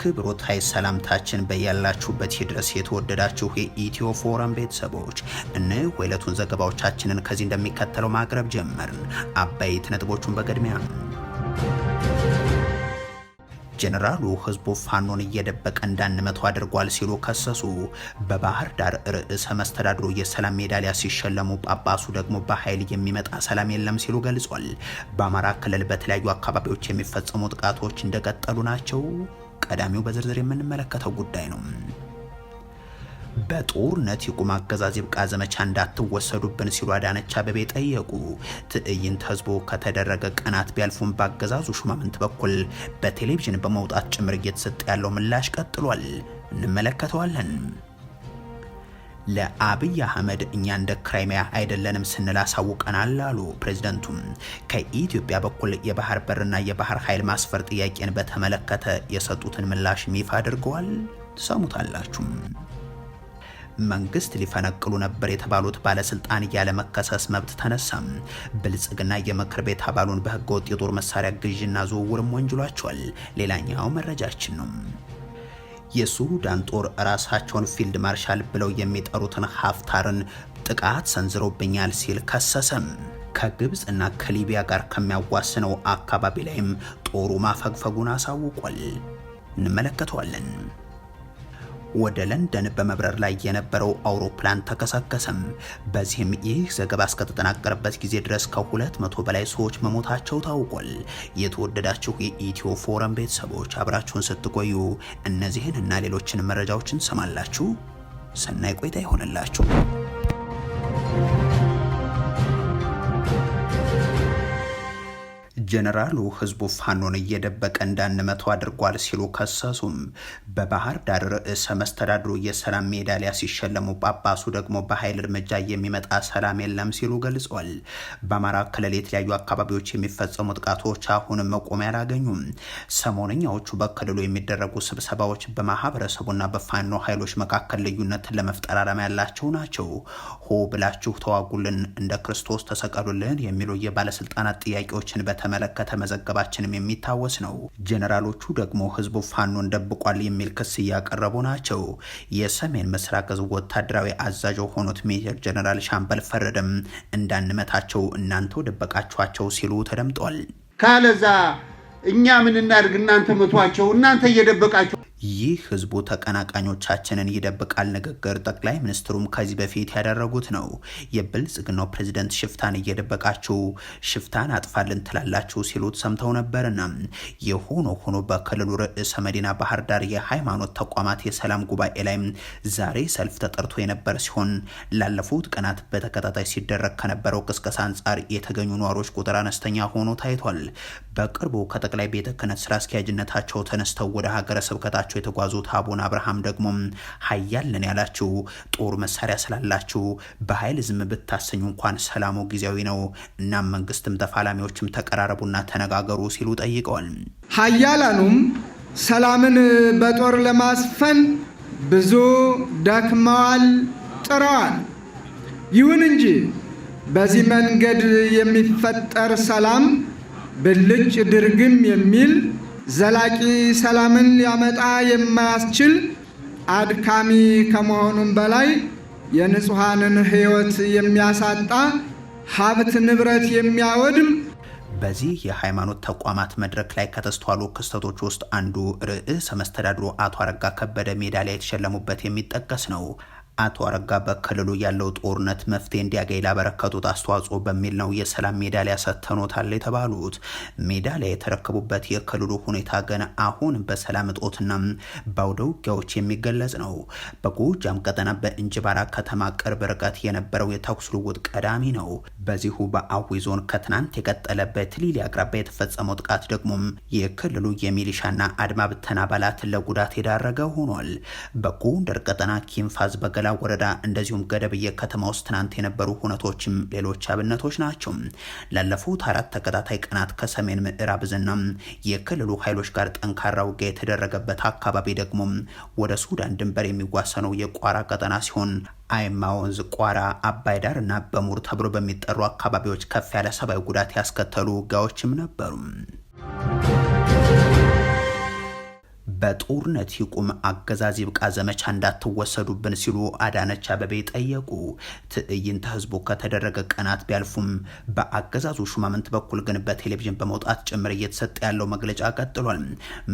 አክብሮታይ ሰላምታችን በያላችሁበት ይድረስ። የተወደዳችሁ የኢትዮ ፎረም ቤተሰቦች እነ ሁለቱን ዘገባዎቻችንን ከዚህ እንደሚከተለው ማቅረብ ጀመርን። አበይት ነጥቦቹን በቅድሚያ ጀነራሉ ህዝቡ ፋኖን እየደበቀ እንዳንመተው አድርጓል ሲሉ ከሰሱ። በባህር ዳር ርዕሰ መስተዳድሩ የሰላም ሜዳሊያ ሲሸለሙ፣ ጳጳሱ ደግሞ በኃይል የሚመጣ ሰላም የለም ሲሉ ገልጿል። በአማራ ክልል በተለያዩ አካባቢዎች የሚፈጸሙ ጥቃቶች እንደቀጠሉ ናቸው። ቀዳሚው በዝርዝር የምንመለከተው ጉዳይ ነው። በጦርነት የቁም አገዛዝ ይብቃ ዘመቻ እንዳትወሰዱብን ሲሉ አዳነች አበቤ ጠየቁ። ትዕይንት ህዝቡ ከተደረገ ቀናት ቢያልፉም በአገዛዙ ሹማምንት በኩል በቴሌቪዥን በመውጣት ጭምር እየተሰጠ ያለው ምላሽ ቀጥሏል። እንመለከተዋለን። ለአብይ አህመድ እኛ እንደ ክራይሚያ አይደለንም ስንል አሳውቀናል አሉ ፕሬዝደንቱም። ከኢትዮጵያ በኩል የባህር በርና የባህር ኃይል ማስፈር ጥያቄን በተመለከተ የሰጡትን ምላሽ ይፋ አድርገዋል። ትሰሙታላችሁም። መንግስት ሊፈነቅሉ ነበር የተባሉት ባለስልጣን ያለመከሰስ መብት ተነሳም። ብልጽግና የምክር ቤት አባሉን በህገወጥ የጦር መሳሪያ ግዥና ዝውውርም ወንጅሏቸዋል። ሌላኛው መረጃችን ነው። የሱዳን ጦር ራሳቸውን ፊልድ ማርሻል ብለው የሚጠሩትን ሀፍታርን ጥቃት ሰንዝሮብኛል ሲል ከሰሰም። ከግብፅ እና ከሊቢያ ጋር ከሚያዋስነው አካባቢ ላይም ጦሩ ማፈግፈጉን አሳውቋል። እንመለከተዋለን። ወደ ለንደን በመብረር ላይ የነበረው አውሮፕላን ተከሰከሰም። በዚህም ይህ ዘገባ እስከተጠናቀረበት ጊዜ ድረስ ከሁለት መቶ በላይ ሰዎች መሞታቸው ታውቋል። የተወደዳችሁ የኢትዮ ፎረም ቤተሰቦች አብራችሁን ስትቆዩ እነዚህን እና ሌሎችን መረጃዎችን ሰማላችሁ። ሰናይ ቆይታ ይሆንላችሁ። ጀነራሉ ህዝቡ ፋኖን እየደበቀ እንዳንመተው አድርጓል ሲሉ ከሰሱም። በባህር ዳር ርዕሰ መስተዳድሩ የሰላም ሜዳሊያ ሲሸለሙ፣ ጳጳሱ ደግሞ በኃይል እርምጃ የሚመጣ ሰላም የለም ሲሉ ገልጿል። በአማራ ክልል የተለያዩ አካባቢዎች የሚፈጸሙ ጥቃቶች አሁንም መቆሚያ አላገኙም። ሰሞነኛዎቹ በክልሉ የሚደረጉ ስብሰባዎች በማህበረሰቡና በፋኖ ኃይሎች መካከል ልዩነትን ለመፍጠር አላማ ያላቸው ናቸው። ሆ ብላችሁ ተዋጉልን፣ እንደ ክርስቶስ ተሰቀሉልን የሚሉ የባለስልጣናት ጥያቄዎችን በተመ እንደተመለከተ መዘገባችንም የሚታወስ ነው። ጀነራሎቹ ደግሞ ህዝቡ ፋኖን ደብቋል የሚል ክስ እያቀረቡ ናቸው። የሰሜን ምስራቅ ህዝብ ወታደራዊ አዛዥ ሆኖት ሜጀር ጀነራል ሻምበል ፈረደም እንዳንመታቸው እናንተው ደበቃችኋቸው ሲሉ ተደምጧል። ካለዛ እኛ ምን እናድርግ? እናንተ መቷቸው፣ እናንተ እየደበቃቸው ይህ ህዝቡ ተቀናቃኞቻችንን ይደብቃል ንግግር ጠቅላይ ሚኒስትሩም ከዚህ በፊት ያደረጉት ነው። የብልጽግናው ፕሬዚደንት ሽፍታን እየደበቃችሁ ሽፍታን አጥፋልን ትላላችሁ ሲሉት ሰምተው ነበርና የሆኖ ሆኖ በክልሉ ርዕሰ መዲና ባህር ዳር የሃይማኖት ተቋማት የሰላም ጉባኤ ላይ ዛሬ ሰልፍ ተጠርቶ የነበረ ሲሆን ላለፉት ቀናት በተከታታይ ሲደረግ ከነበረው ቅስቀሳ አንጻር የተገኙ ነዋሪዎች ቁጥር አነስተኛ ሆኖ ታይቷል። በቅርቡ ከጠቅላይ ቤተ ክህነት ስራ አስኪያጅነታቸው ተነስተው ወደ ሀገረ ስብከታቸው ጥላቸው የተጓዙት አቡነ አብርሃም ደግሞ ሀያልን ያላችሁ ጦር መሳሪያ ስላላችሁ በኃይል ዝም ብታሰኙ እንኳን ሰላሙ ጊዜያዊ ነው። እናም መንግስትም ተፋላሚዎችም ተቀራረቡና ተነጋገሩ ሲሉ ጠይቀዋል። ሀያላኑም ሰላምን በጦር ለማስፈን ብዙ ደክመዋል፣ ጥረዋል። ይሁን እንጂ በዚህ መንገድ የሚፈጠር ሰላም ብልጭ ድርግም የሚል ዘላቂ ሰላምን ሊያመጣ የማያስችል አድካሚ ከመሆኑም በላይ የንጹሐንን ሕይወት የሚያሳጣ ሀብት ንብረት የሚያወድም በዚህ የሃይማኖት ተቋማት መድረክ ላይ ከተስተዋሉ ክስተቶች ውስጥ አንዱ ርዕሰ መስተዳድሩ አቶ አረጋ ከበደ ሜዳሊያ የተሸለሙበት የሚጠቀስ ነው። አቶ አረጋ በክልሉ ያለው ጦርነት መፍትሄ እንዲያገኝ ላበረከቱት አስተዋጽኦ በሚል ነው የሰላም ሜዳሊያ ሰጥተኖታል የተባሉት። ሜዳሊያ የተረከቡበት የክልሉ ሁኔታ ግን አሁን በሰላም እጦትና በአውደ ውጊያዎች የሚገለጽ ነው። በጎጃም ቀጠና በእንጅባራ ከተማ ቅርብ ርቀት የነበረው የተኩስ ልውውጥ ቀዳሚ ነው። በዚሁ በአዊ ዞን ከትናንት የቀጠለ በትሊሊ አቅራቢያ የተፈጸመው ጥቃት ደግሞ የክልሉ የሚሊሻና አድማ ብተና አባላት ለጉዳት የዳረገ ሆኗል። በጎንደር ቀጠና ኪንፋዝ በገላ ወረዳ እንደዚሁም ገደብዬ ከተማ ውስጥ ትናንት የነበሩ ሁነቶችም ሌሎች አብነቶች ናቸው። ላለፉት አራት ተከታታይ ቀናት ከሰሜን ምዕራብ ዝና የክልሉ ኃይሎች ጋር ጠንካራ ውጊያ የተደረገበት አካባቢ ደግሞ ወደ ሱዳን ድንበር የሚዋሰነው የቋራ ቀጠና ሲሆን አይማ ወንዝ፣ ቋራ፣ አባይ ዳር እና በሙር ተብሎ በሚጠሩ አካባቢዎች ከፍ ያለ ሰብአዊ ጉዳት ያስከተሉ ውጊያዎችም ነበሩ። በጦርነት ይቁም አገዛዝ ይብቃ ዘመቻ እንዳትወሰዱብን ሲሉ አዳነች አበቤ ጠየቁ። ትዕይንተ ህዝቡ ከተደረገ ቀናት ቢያልፉም በአገዛዙ ሹማምንት በኩል ግን በቴሌቪዥን በመውጣት ጭምር እየተሰጠ ያለው መግለጫ ቀጥሏል።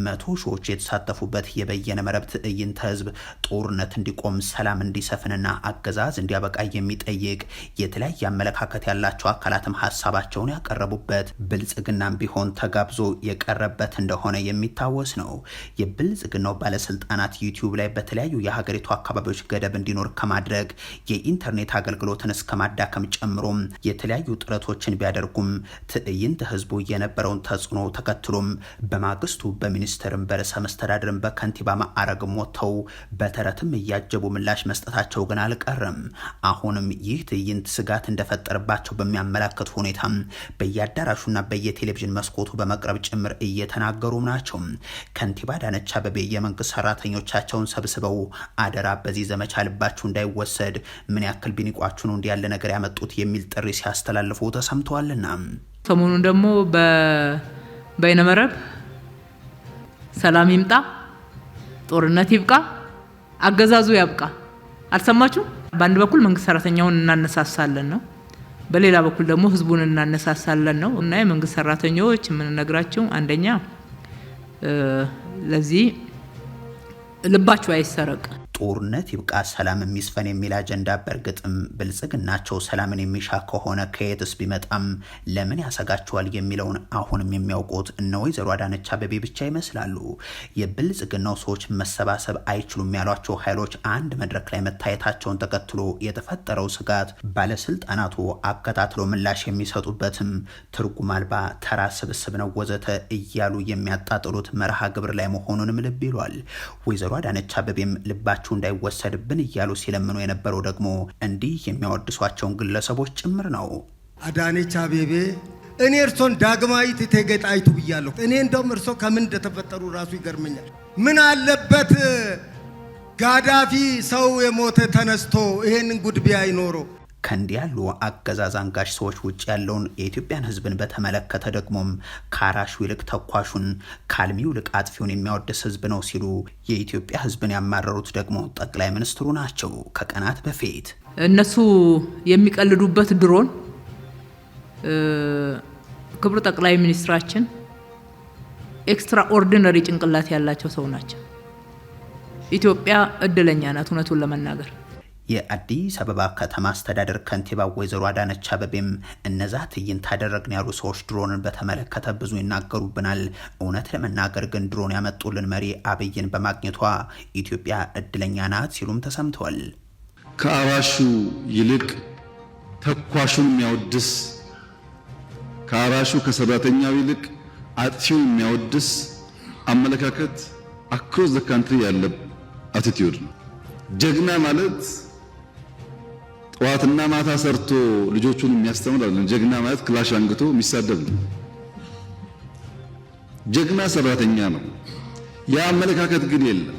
መቶ ሺዎች የተሳተፉበት የበየነ መረብ ትዕይንተ ህዝብ ጦርነት እንዲቆም፣ ሰላም እንዲሰፍንና አገዛዝ እንዲያበቃ የሚጠይቅ የተለያየ አመለካከት ያላቸው አካላትም ሀሳባቸውን ያቀረቡበት ብልጽግናም ቢሆን ተጋብዞ የቀረበት እንደሆነ የሚታወስ ነው። የብልጽግናው ባለስልጣናት ዩቲዩብ ላይ በተለያዩ የሀገሪቱ አካባቢዎች ገደብ እንዲኖር ከማድረግ የኢንተርኔት አገልግሎትን እስከ ማዳከም ጨምሮም የተለያዩ ጥረቶችን ቢያደርጉም ትዕይንተ ህዝቡ የነበረውን ተጽዕኖ ተከትሎም በማግስቱ በሚኒስትርም በርዕሰ መስተዳድርም በከንቲባ ማዕረግም ወጥተው በተረትም እያጀቡ ምላሽ መስጠታቸው ግን አልቀርም። አሁንም ይህ ትዕይንት ስጋት እንደፈጠረባቸው በሚያመላክት ሁኔታ በየአዳራሹና በየቴሌቪዥን መስኮቱ በመቅረብ ጭምር እየተናገሩም ናቸው። ከንቲባ አዳነች አበቤ የመንግስት ሰራተኞቻቸውን ሰብስበው አደራ በዚህ ዘመቻ ልባችሁ እንዳይወሰድ ምን ያክል ቢኒቋችሁ ነው እንዲ ያለ ነገር ያመጡት የሚል ጥሪ ሲያስተላልፉ ተሰምተዋልና ሰሞኑን ደግሞ በይነመረብ ሰላም ይምጣ፣ ጦርነት ይብቃ፣ አገዛዙ ያብቃ። አልሰማችሁ? በአንድ በኩል መንግስት ሰራተኛውን እናነሳሳለን ነው በሌላ በኩል ደግሞ ህዝቡን እናነሳሳለን ነው። እና የመንግስት ሰራተኞች የምንነግራቸው አንደኛ ለዚህ ልባችሁ አይሰረቅ። ጦርነት ይብቃ ሰላም የሚስፈን የሚል አጀንዳ በእርግጥም ብልጽግናቸው ሰላምን የሚሻ ከሆነ ከየትስ ቢመጣም ለምን ያሰጋቸዋል የሚለውን አሁንም የሚያውቁት እነ ወይዘሮ አዳነች አበቤ ብቻ ይመስላሉ። የብልጽግናው ሰዎች መሰባሰብ አይችሉም ያሏቸው ኃይሎች አንድ መድረክ ላይ መታየታቸውን ተከትሎ የተፈጠረው ስጋት ባለስልጣናቱ አከታትሎ ምላሽ የሚሰጡበትም ትርጉም አልባ ተራ ስብስብ ነው ወዘተ እያሉ የሚያጣጥሉት መርሃ ግብር ላይ መሆኑንም ልብ ይሏል። ወይዘሮ አዳነች አቤቤም ልባቸው ስልጣናችሁ እንዳይወሰድብን እያሉ ሲለምኑ የነበረው ደግሞ እንዲህ የሚያወድሷቸውን ግለሰቦች ጭምር ነው። አዳነች አቤቤ እኔ እርሶን ዳግማዊት እቴጌ ጣይቱ ብያለሁ። እኔ እንደውም እርሶ ከምን እንደተፈጠሩ ራሱ ይገርመኛል። ምን አለበት ጋዳፊ ሰው የሞተ ተነስቶ ይሄንን ጉድቢያ ቢያይ ከእንዲህ ያሉ አገዛዝ አንጋሽ ሰዎች ውጭ ያለውን የኢትዮጵያን ህዝብን በተመለከተ ደግሞም ካራሹ ይልቅ ተኳሹን ከአልሚው ይልቅ አጥፊውን የሚያወድስ ህዝብ ነው ሲሉ የኢትዮጵያ ህዝብን ያማረሩት ደግሞ ጠቅላይ ሚኒስትሩ ናቸው። ከቀናት በፊት እነሱ የሚቀልዱበት ድሮን ክቡር ጠቅላይ ሚኒስትራችን ኤክስትራኦርዲነሪ ጭንቅላት ያላቸው ሰው ናቸው። ኢትዮጵያ እድለኛ ናት እውነቱን ለመናገር የአዲስ አበባ ከተማ አስተዳደር ከንቲባ ወይዘሮ አዳነች አበቤም እነዛ ትዕይንት አደረግን ያሉ ሰዎች ድሮንን በተመለከተ ብዙ ይናገሩብናል። እውነት ለመናገር ግን ድሮን ያመጡልን መሪ አብይን በማግኘቷ ኢትዮጵያ እድለኛ ናት ሲሉም ተሰምተዋል። ከአራሹ ይልቅ ተኳሹን የሚያወድስ ከአራሹ ከሰራተኛው ይልቅ አጥፊው የሚያወድስ አመለካከት አክሮስ ዘ ካንትሪ ያለ አቲቲዩድ ነው። ጀግና ማለት ጠዋትና ማታ ሰርቶ ልጆቹን የሚያስተምር አይደለም። ጀግና ማለት ክላሽ አንግቶ የሚሳደብ ነው። ጀግና ሰራተኛ ነው። ያ አመለካከት ግን የለም።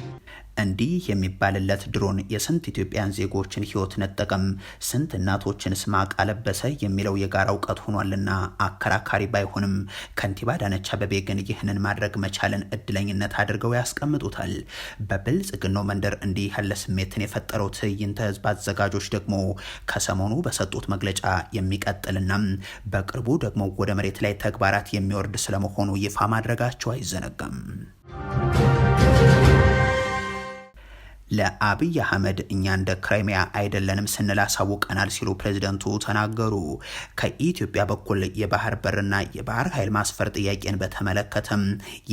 እንዲህ የሚባልለት ድሮን የስንት ኢትዮጵያን ዜጎችን ህይወት ነጠቀም፣ ስንት እናቶችን ስማቅ አለበሰ የሚለው የጋራ እውቀት ሆኗልና አከራካሪ ባይሆንም ከንቲባ አዳነች አቤቤ ግን ይህንን ማድረግ መቻልን እድለኝነት አድርገው ያስቀምጡታል። በብልጽግናው መንደር እንዲህ ያለ ስሜትን የፈጠረው ትዕይንተ ህዝብ አዘጋጆች ደግሞ ከሰሞኑ በሰጡት መግለጫ የሚቀጥልና በቅርቡ ደግሞ ወደ መሬት ላይ ተግባራት የሚወርድ ስለመሆኑ ይፋ ማድረጋቸው አይዘነጋም። ለአብይ አህመድ እኛ እንደ ክራይሚያ አይደለንም ስንል አሳውቀናል ሲሉ ፕሬዚደንቱ ተናገሩ። ከኢትዮጵያ በኩል የባህር በርና የባህር ኃይል ማስፈር ጥያቄን በተመለከተም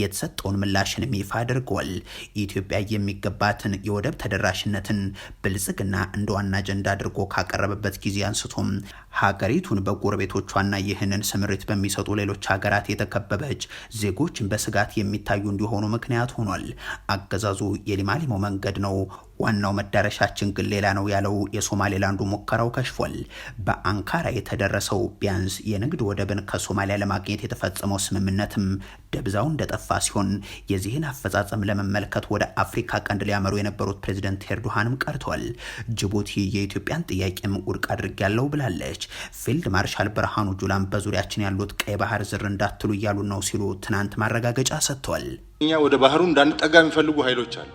የተሰጠውን ምላሽን ይፋ አድርገዋል። ኢትዮጵያ የሚገባትን የወደብ ተደራሽነትን ብልጽግና እንደ ዋና አጀንዳ አድርጎ ካቀረበበት ጊዜ አንስቶም ሀገሪቱን በጎረቤቶቿና ይህንን ስምሪት በሚሰጡ ሌሎች ሀገራት የተከበበች ዜጎችን በስጋት የሚታዩ እንዲሆኑ ምክንያት ሆኗል። አገዛዙ የሊማሊሞ መንገድ ነው ዋናው መዳረሻችን ግን ሌላ ነው ያለው የሶማሌላንዱ ሙከራው ከሽፏል። በአንካራ የተደረሰው ቢያንስ የንግድ ወደብን ከሶማሊያ ለማግኘት የተፈጸመው ስምምነትም ደብዛው እንደጠፋ ሲሆን የዚህን አፈጻጸም ለመመልከት ወደ አፍሪካ ቀንድ ሊያመሩ የነበሩት ፕሬዚደንት ኤርዶሃንም ቀርተዋል። ጅቡቲ የኢትዮጵያን ጥያቄም ውድቅ ያለው ብላለች። ፊልድ ማርሻል ብርሃኑ ጁላን በዙሪያችን ያሉት ቀይ ባህር ዝር እንዳትሉ እያሉ ነው ሲሉ ትናንት ማረጋገጫ ሰጥተዋል። እኛ ወደ ባህሩ እንዳንጠጋ የሚፈልጉ ኃይሎች አሉ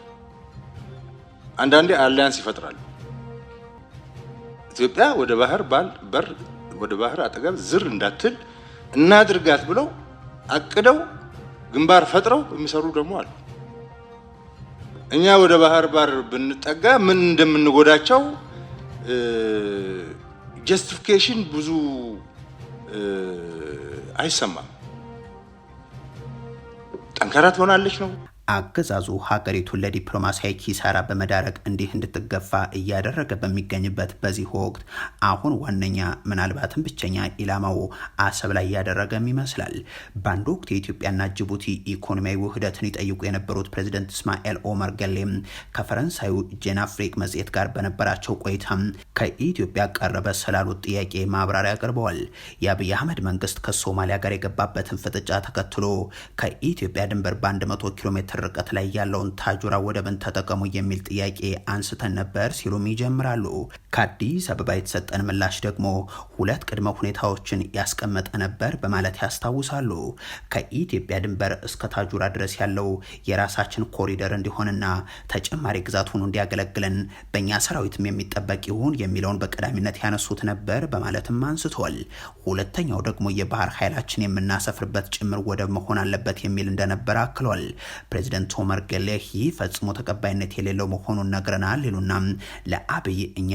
አንዳንዴ አሊያንስ ይፈጥራሉ። ኢትዮጵያ ወደ ባህር በር ወደ ባህር አጠገብ ዝር እንዳትል እናድርጋት ብለው አቅደው ግንባር ፈጥረው የሚሰሩ ደግሞ አሉ። እኛ ወደ ባህር ባር ብንጠጋ ምን እንደምንጎዳቸው ጀስቲፊኬሽን ብዙ አይሰማም። ጠንካራ ትሆናለች ነው አገዛዙ ሀገሪቱን ለዲፕሎማሲያዊ ኪሳራ በመዳረግ እንዲህ እንድትገፋ እያደረገ በሚገኝበት በዚህ ወቅት አሁን ዋነኛ ምናልባትም ብቸኛ ኢላማው አሰብ ላይ እያደረገም ይመስላል። በአንድ ወቅት የኢትዮጵያና ጅቡቲ ኢኮኖሚያዊ ውህደትን ይጠይቁ የነበሩት ፕሬዚደንት እስማኤል ኦመር ገሌም ከፈረንሳዩ ጄን አፍሪክ መጽሔት ጋር በነበራቸው ቆይታ ከኢትዮጵያ ቀረበ ስላሉት ጥያቄ ማብራሪያ አቅርበዋል። የአብይ አህመድ መንግስት ከሶማሊያ ጋር የገባበትን ፍጥጫ ተከትሎ ከኢትዮጵያ ድንበር በ100 ኪሎ ሜትር ሜትር ርቀት ላይ ያለውን ታጁራ ወደብን ተጠቀሙ የሚል ጥያቄ አንስተን ነበር ሲሉም ይጀምራሉ። ከአዲስ አበባ የተሰጠን ምላሽ ደግሞ ሁለት ቅድመ ሁኔታዎችን ያስቀመጠ ነበር በማለት ያስታውሳሉ። ከኢትዮጵያ ድንበር እስከ ታጁራ ድረስ ያለው የራሳችን ኮሪደር እንዲሆንና ተጨማሪ ግዛት ሆኖ እንዲያገለግለን በእኛ ሰራዊትም የሚጠበቅ ይሁን የሚለውን በቀዳሚነት ያነሱት ነበር በማለትም አንስቷል። ሁለተኛው ደግሞ የባህር ኃይላችን የምናሰፍርበት ጭምር ወደብ መሆን አለበት የሚል እንደነበር አክሏል። ፕሬዚደንት ቶመር ገሌሂ ፈጽሞ ተቀባይነት የሌለው መሆኑን ነግረናል ይሉና ለአብይ እኛ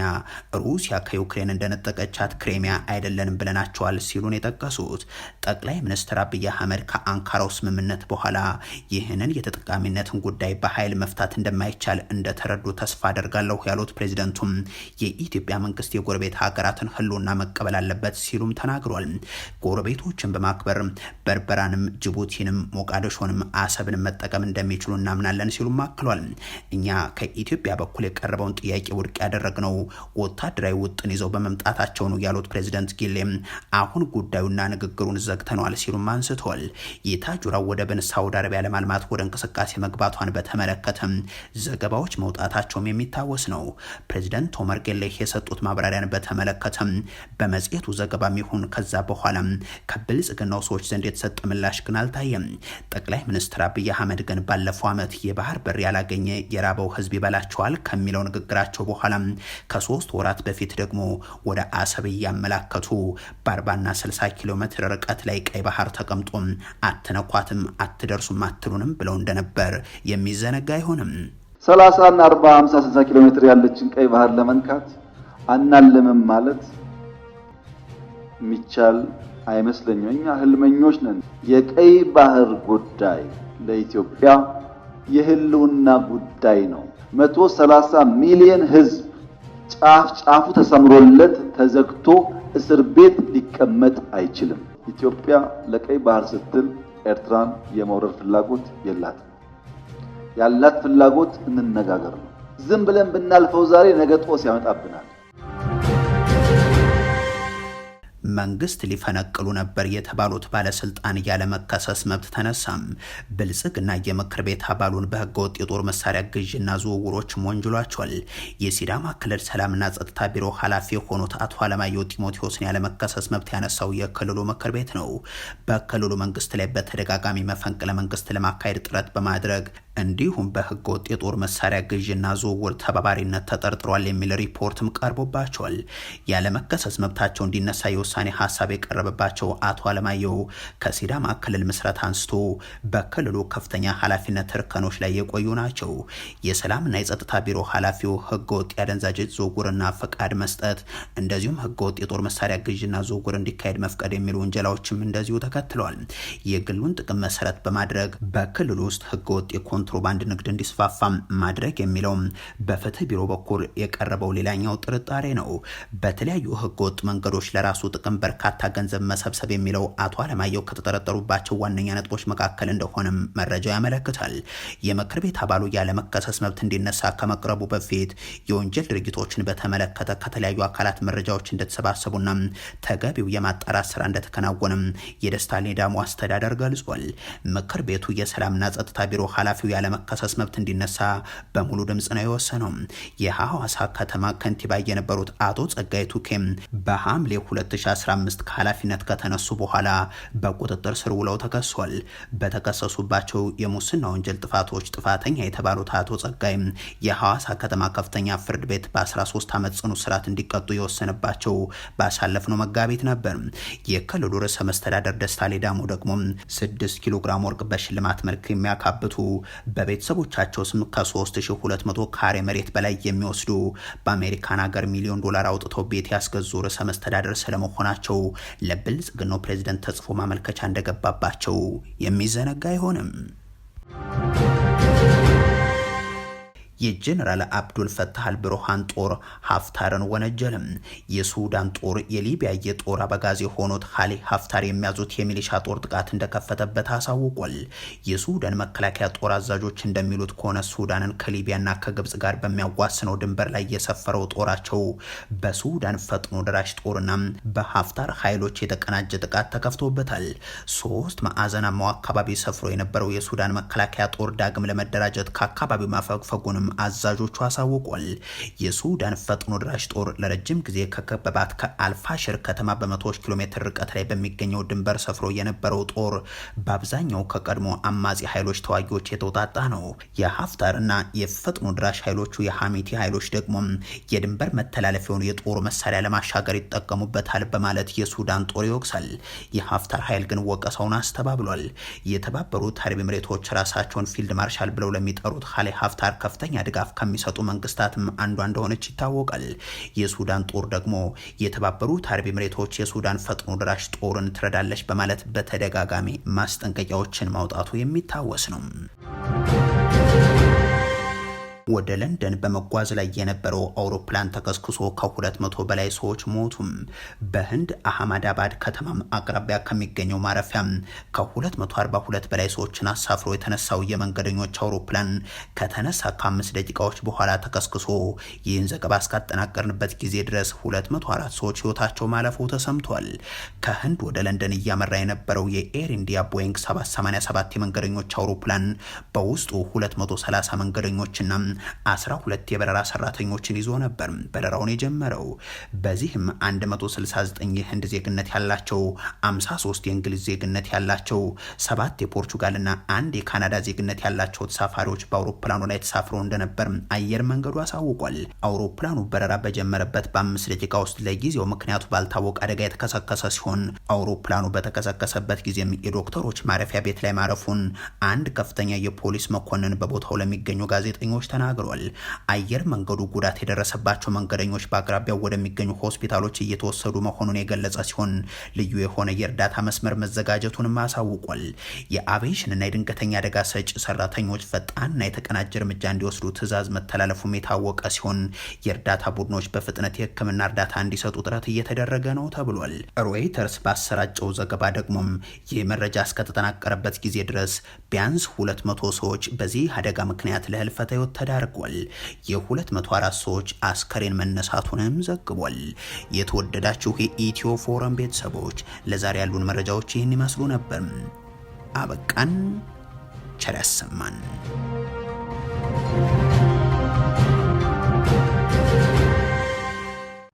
ሩሲያ ከዩክሬን እንደነጠቀቻት ክሬሚያ አይደለንም ብለናቸዋል ሲሉን የጠቀሱት ጠቅላይ ሚኒስትር አብይ አህመድ ከአንካራው ስምምነት በኋላ ይህንን የተጠቃሚነትን ጉዳይ በኃይል መፍታት እንደማይቻል እንደተረዱ ተስፋ አደርጋለሁ ያሉት ፕሬዚደንቱም የኢትዮጵያ መንግስት የጎረቤት ሀገራትን ህልውና መቀበል አለበት ሲሉም ተናግሯል። ጎረቤቶችን በማክበር በርበራንም ጅቡቲንም ሞቃደሾንም አሰብንም መጠቀም እንደሚችሉ እናምናለን ሲሉም አክሏል። እኛ ከኢትዮጵያ በኩል የቀረበውን ጥያቄ ውድቅ ያደረግነው ወታደራዊ ውጥን ይዘው በመምጣታቸው ነው ያሉት ፕሬዚደንት ጊሌም አሁን ጉዳዩና ንግግሩን ዘግተነዋል ሲሉም አንስተዋል። የታጁራ ወደብን ሳውዲ አረቢያ ለማልማት ወደ እንቅስቃሴ መግባቷን በተመለከተም ዘገባዎች መውጣታቸውም የሚታወስ ነው። ፕሬዚደንት ኦመር ጌሌህ የሰጡት ማብራሪያን በተመለከተም በመጽሔቱ ዘገባም ይሁን ከዛ በኋላ ከብልጽግናው ሰዎች ዘንድ የተሰጠ ምላሽ ግን አልታየም። ጠቅላይ ሚኒስትር አብይ አህመድ ግን ባለፈው ዓመት የባህር በር ያላገኘ የራበው ህዝብ ይበላቸዋል ከሚለው ንግግራቸው በኋላ ከሶስት ወራት በፊት ደግሞ ወደ አሰብ እያመላከቱ በ4ና 60 ኪሎ ሜትር ርቀት ላይ ቀይ ባህር ተቀምጦም አትነኳትም፣ አትደርሱም፣ አትሉንም ብለው እንደነበር የሚዘነጋ አይሆንም። 30ና 40፣ 50፣ 60 ኪሎ ሜትር ያለችን ቀይ ባህር ለመንካት አናልምም ማለት የሚቻል አይመስለኝም። እኛ ህልመኞች ነን። የቀይ ባህር ጉዳይ ለኢትዮጵያ የህልውና ጉዳይ ነው። 130 ሚሊዮን ህዝብ ጫፍ ጫፉ ተሰምሮለት ተዘግቶ እስር ቤት ሊቀመጥ አይችልም። ኢትዮጵያ ለቀይ ባህር ስትል ኤርትራን የመውረር ፍላጎት የላትም። ያላት ፍላጎት እንነጋገር ነው። ዝም ብለን ብናልፈው ዛሬ ነገ ጦስ ያመጣብናል። መንግስት ሊፈነቅሉ ነበር የተባሉት ባለስልጣን ያለመከሰስ መብት ተነሳም። ብልጽግና የምክር ቤት አባሉን በህገወጥ የጦር መሳሪያ ግዥና ዝውውሮች ወንጅሏቸዋል። የሲዳማ ክልል ሰላምና ጸጥታ ቢሮ ኃላፊ የሆኑት አቶ አለማየሁ ጢሞቴዎስን ያለመከሰስ መብት ያነሳው የክልሉ ምክር ቤት ነው። በክልሉ መንግስት ላይ በተደጋጋሚ መፈንቅለ መንግስት ለማካሄድ ጥረት በማድረግ እንዲሁም በህገ ወጥ የጦር መሳሪያ ግዥና ዝውውር ተባባሪነት ተጠርጥሯል የሚል ሪፖርትም ቀርቦባቸዋል። ያለመከሰስ መብታቸው እንዲነሳ የውሳኔ ሀሳብ የቀረበባቸው አቶ አለማየሁ ከሲዳማ ክልል ምስረት አንስቶ በክልሉ ከፍተኛ ኃላፊነት እርከኖች ላይ የቆዩ ናቸው። የሰላምና የጸጥታ ቢሮ ኃላፊው ህገ ወጥ የአደንዛዥ እጽ ዝውውርና ፈቃድ መስጠት እንደዚሁም ህገ ወጥ የጦር መሳሪያ ግዥና ዝውውር እንዲካሄድ መፍቀድ የሚሉ ወንጀላዎችም እንደዚሁ ተከትለዋል። የግሉን ጥቅም መሰረት በማድረግ በክልሉ ውስጥ ህገ ወጥ የኮንትሮባንድ ንግድ እንዲስፋፋ ማድረግ የሚለው በፍትህ ቢሮ በኩል የቀረበው ሌላኛው ጥርጣሬ ነው። በተለያዩ ህገወጥ መንገዶች ለራሱ ጥቅም በርካታ ገንዘብ መሰብሰብ የሚለው አቶ አለማየሁ ከተጠረጠሩባቸው ዋነኛ ነጥቦች መካከል እንደሆነም መረጃው ያመለክታል። የምክር ቤት አባሉ ያለመከሰስ መብት እንዲነሳ ከመቅረቡ በፊት የወንጀል ድርጊቶችን በተመለከተ ከተለያዩ አካላት መረጃዎች እንደተሰባሰቡና ተገቢው የማጣራት ስራ እንደተከናወነም የደስታ ሌዳሞ አስተዳደር ገልጿል። ምክር ቤቱ የሰላምና ጸጥታ ቢሮ ኃላፊው ያለመከሰስ መብት እንዲነሳ በሙሉ ድምፅ ነው የወሰነው። የሐዋሳ ከተማ ከንቲባ የነበሩት አቶ ጸጋይ ቱኬም በሐምሌ 2015 ከኃላፊነት ከተነሱ በኋላ በቁጥጥር ስር ውለው ተከሷል። በተከሰሱባቸው የሙስና ወንጀል ጥፋቶች ጥፋተኛ የተባሉት አቶ ጸጋይ የሐዋሳ ከተማ ከፍተኛ ፍርድ ቤት በ13 ዓመት ጽኑ እስራት እንዲቀጡ የወሰነባቸው ባሳለፍነው መጋቢት ነበር። የክልሉ ርዕሰ መስተዳደር ደስታ ሌዳሞ ደግሞ 6 ኪሎ ግራም ወርቅ በሽልማት መልክ የሚያካብቱ በቤተሰቦቻቸው ስም ከ3200 ካሬ መሬት በላይ የሚወስዱ በአሜሪካን ሀገር ሚሊዮን ዶላር አውጥተው ቤት ያስገዙ ርዕሰ መስተዳደር ስለመሆናቸው ለብልጽግናው ፕሬዚደንት ተጽፎ ማመልከቻ እንደገባባቸው የሚዘነጋ አይሆንም። የጀነራል አብዱል ፈታህ አልብሩሃን ጦር ሀፍታርን ወነጀልም። የሱዳን ጦር የሊቢያ የጦር አበጋዝ የሆኑት ሀሊ ሀፍታር የሚያዙት የሚሊሻ ጦር ጥቃት እንደከፈተበት አሳውቋል። የሱዳን መከላከያ ጦር አዛዦች እንደሚሉት ከሆነ ሱዳንን ከሊቢያና ከግብጽ ጋር በሚያዋስነው ድንበር ላይ የሰፈረው ጦራቸው በሱዳን ፈጥኖ ደራሽ ጦርና በሀፍታር ኃይሎች የተቀናጀ ጥቃት ተከፍቶበታል። ሶስት ማዕዘናማው አካባቢ ሰፍሮ የነበረው የሱዳን መከላከያ ጦር ዳግም ለመደራጀት ከአካባቢው ማፈግፈጉንም አዛዦቹ አሳውቋል። የሱዳን ፈጥኖ ድራሽ ጦር ለረጅም ጊዜ ከከበባት ከአልፋሽር ከተማ በመቶዎች ኪሎ ሜትር ርቀት ላይ በሚገኘው ድንበር ሰፍሮ የነበረው ጦር በአብዛኛው ከቀድሞ አማጺ ኃይሎች ተዋጊዎች የተውጣጣ ነው። የሀፍታር እና የፈጥኖ ድራሽ ኃይሎቹ የሐሚቲ ኃይሎች ደግሞ የድንበር መተላለፊያውን የጦር መሳሪያ ለማሻገር ይጠቀሙበታል በማለት የሱዳን ጦር ይወቅሳል። የሀፍታር ኃይል ግን ወቀሳውን አስተባብሏል። የተባበሩት አረብ ኤምሬቶች ራሳቸውን ፊልድ ማርሻል ብለው ለሚጠሩት ኻሊድ ሀፍታር ከፍተኛ ከፍተኛ ድጋፍ ከሚሰጡ መንግስታትም አንዷ እንደሆነች ይታወቃል። የሱዳን ጦር ደግሞ የተባበሩት አረብ ኤምሬቶች የሱዳን ፈጥኖ ደራሽ ጦርን ትረዳለች በማለት በተደጋጋሚ ማስጠንቀቂያዎችን ማውጣቱ የሚታወስ ነው። ወደ ለንደን በመጓዝ ላይ የነበረው አውሮፕላን ተከስክሶ ከ200 በላይ ሰዎች ሞቱም። በህንድ አህመድ ከተማም አቅራቢያ ከሚገኘው ማረፊያ ከ242 በላይ ሰዎችን አሳፍሮ የተነሳው የመንገደኞች አውሮፕላን ከተነሳ ከአምስት ደቂቃዎች በኋላ ተከስክሶ ይህን ዘገባ እስካጠናቀርንበት ጊዜ ድረስ 204 ሰዎች ህይወታቸው ማለፉ ተሰምቷል። ከህንድ ወደ ለንደን እያመራ የነበረው የኤር ኢንዲያ ቦይንግ 787 የመንገደኞች አውሮፕላን በውስጡ 230 መንገደኞችና አስራ ሁለት የበረራ ሰራተኞችን ይዞ ነበር በረራውን የጀመረው። በዚህም 169 የህንድ ዜግነት ያላቸው፣ 53 የእንግሊዝ ዜግነት ያላቸው፣ ሰባት የፖርቹጋልና አንድ የካናዳ ዜግነት ያላቸው ተሳፋሪዎች በአውሮፕላኑ ላይ ተሳፍረው እንደነበር አየር መንገዱ አሳውቋል። አውሮፕላኑ በረራ በጀመረበት በአምስት ደቂቃ ውስጥ ለጊዜው ምክንያቱ ባልታወቀ አደጋ የተከሰከሰ ሲሆን አውሮፕላኑ በተከሰከሰበት ጊዜም የዶክተሮች ማረፊያ ቤት ላይ ማረፉን አንድ ከፍተኛ የፖሊስ መኮንን በቦታው ለሚገኙ ጋዜጠኞች ተናግረዋል። ተናግሯል። አየር መንገዱ ጉዳት የደረሰባቸው መንገደኞች በአቅራቢያው ወደሚገኙ ሆስፒታሎች እየተወሰዱ መሆኑን የገለጸ ሲሆን ልዩ የሆነ የእርዳታ መስመር መዘጋጀቱንም አሳውቋል። የአቬሽንና የድንገተኛ አደጋ ሰጪ ሰራተኞች ፈጣንና የተቀናጀ እርምጃ እንዲወስዱ ትዕዛዝ መተላለፉም የታወቀ ሲሆን የእርዳታ ቡድኖች በፍጥነት የሕክምና እርዳታ እንዲሰጡ ጥረት እየተደረገ ነው ተብሏል። ሮይተርስ ባሰራጨው ዘገባ ደግሞም ይህ መረጃ እስከተጠናቀረበት ጊዜ ድረስ ቢያንስ ሁለት መቶ ሰዎች በዚህ አደጋ ምክንያት ለህልፈተ ህይወት ተዳርጓል። የ204 ሰዎች አስከሬን መነሳቱንም ዘግቧል። የተወደዳችሁ የኢትዮ ፎረም ቤተሰቦች ለዛሬ ያሉን መረጃዎች ይህን ይመስሉ ነበር። አበቃን። ቸር ያሰማን።